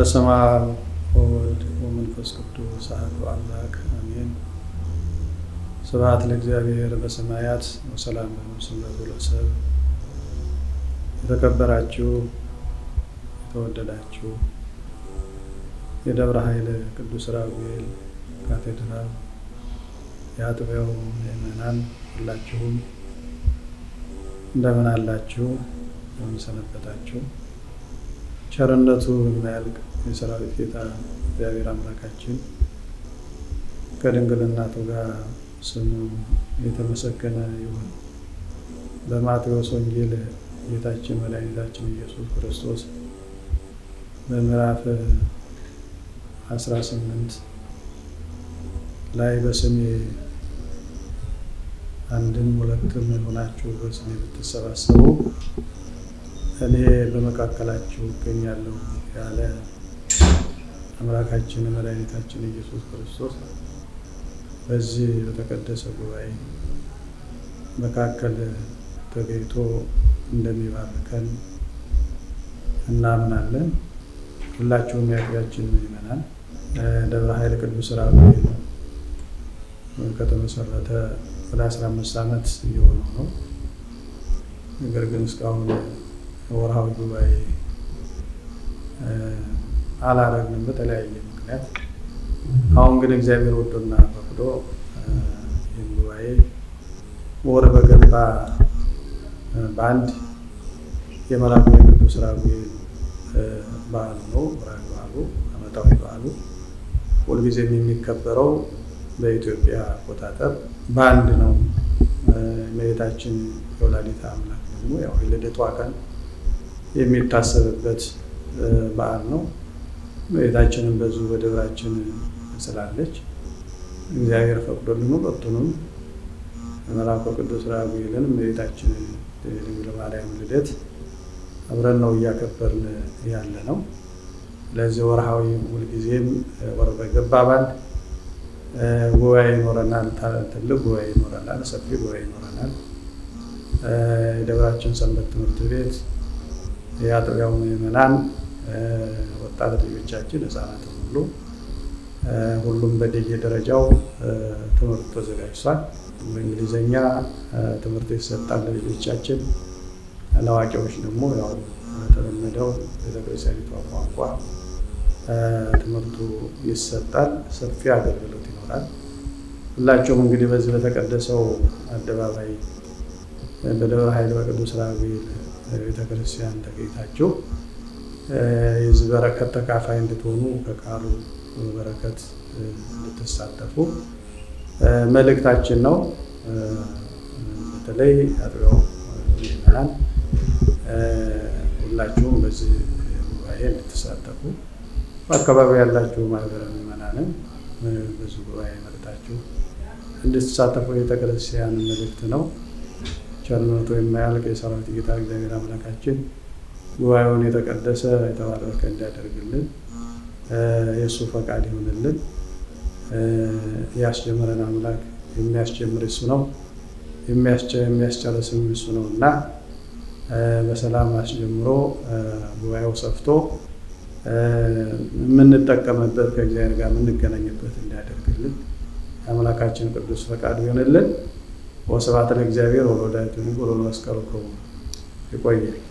በስመ አብ ወወልድ ወመንፈስ ቅዱስ አሐዱ አምላክ አሜን። ስብሐት ለእግዚአብሔር በሰማያት ወሰላም በምስለ ለሰብ። የተከበራችሁ የተወደዳችሁ የደብረ ኃይል ቅዱስ ራጉኤል ካቴድራል የአጥቢያው ምዕመናን ሁላችሁም እንደምን አላችሁ? እንደምን ሰነበታችሁ? ቸርነቱ የማያልቅ የሰራዊት ጌታ እግዚአብሔር አምላካችን ከድንግል ጋር ስሙ የተመሰገነ ይሁን። በማቴዎስ ወንጌል ጌታችን መድኃኒታችን ኢየሱስ ክርስቶስ በምዕራፍ 18 ላይ በስሜ አንድም ሁለትም ሆናችሁ በስሜ ብትሰባሰቡ እኔ በመካከላችሁ እገኛለሁ ያለ አምላካችን መድኃኒታችን ኢየሱስ ክርስቶስ በዚህ በተቀደሰ ጉባኤ መካከል ተገኝቶ እንደሚባርከን እናምናለን። ሁላችሁም የአቅቢያችን ይመናል ደብረ ኃይል ቅዱስ ራጉኤል ከተመሰረተ ወደ 15 ዓመት እየሆነው ነው። ነገር ግን እስካሁን ወርሃዊ ጉባኤ አላረግንም በተለያየ ምክንያት። አሁን ግን እግዚአብሔር ወዶና ፈቅዶ ይህን ጉባኤ ወር በገባ በአንድ የመላኩ የቅዱስ ራጉኤል በዓሉ ነው። ብራክ በዓሉ አመታዊ በዓሉ ሁልጊዜም የሚከበረው በኢትዮጵያ አቆጣጠር በአንድ ነው። እመቤታችን የወላዲተ አምላክ ደግሞ ያው የልደቷ ቀን የሚታሰብበት በዓል ነው። እመቤታችንን በዙ በደብራችን ስላለች እግዚአብሔር ፈቅዶልን ቀጥኑም መልአኩ ቅዱስ ራጉኤልን እመቤታችንን ድንግል ማርያም ልደት አብረን ነው እያከበርን ያለ ነው። ለዚህ ወርሃዊ ሁልጊዜም ወር በገባ ባል ጉባኤ ይኖረናል። ትልቅ ጉባኤ ይኖረናል። ሰፊ ጉባኤ ይኖረናል። የደብራችን ሰንበት ትምህርት ቤት የአጥቢያው ምዕመናን ወጣት ልጆቻችን ህጻናት ሁሉ ሁሉም በየደረጃው ትምህርት ተዘጋጅቷል። በእንግሊዝኛ ትምህርት ይሰጣል ለልጆቻችን። ለአዋቂዎች ደግሞ ያው በተለመደው ቤተክርስቲያኒቷ ቋንቋ ትምህርቱ ይሰጣል። ሰፊ አገልግሎት ይኖራል። ሁላቸውም እንግዲህ በዚህ በተቀደሰው አደባባይ በደብረ ኃይል በቅዱስ ራጉኤል ቤተክርስቲያን ተገኝታችሁ የዚህ በረከት ተካፋይ እንድትሆኑ ከቃሉ በረከት እንድትሳተፉ መልእክታችን ነው። በተለይ አጥቢያው ምዕመናን ሁላችሁም በዚህ ጉባኤ እንድትሳተፉ፣ በአካባቢ ያላችሁ ማህበረ ምዕመናንም በዚህ ጉባኤ መርታችሁ እንድትሳተፉ የቤተክርስቲያን መልእክት ነው። ቸርነቱ የማያልቅ የሰራዊት ጌታ እግዚአብሔር አምላካችን ጉባኤውን የተቀደሰ የተባረከ እንዲያደርግልን የእሱ ፈቃድ ይሆንልን። ያስጀምረን አምላክ የሚያስጀምር እሱ ነው፣ የሚያስጨርስም እሱ ነው እና በሰላም አስጀምሮ ጉባኤው ሰፍቶ የምንጠቀምበት ከእግዚአብሔር ጋር የምንገናኝበት እንዲያደርግልን አምላካችን ቅዱስ ፈቃድ ይሆንልን። ወስብሐት ለእግዚአብሔር ወለወላዲቱ ድንግል ወለመስቀሉ ክቡር። ይቆያል።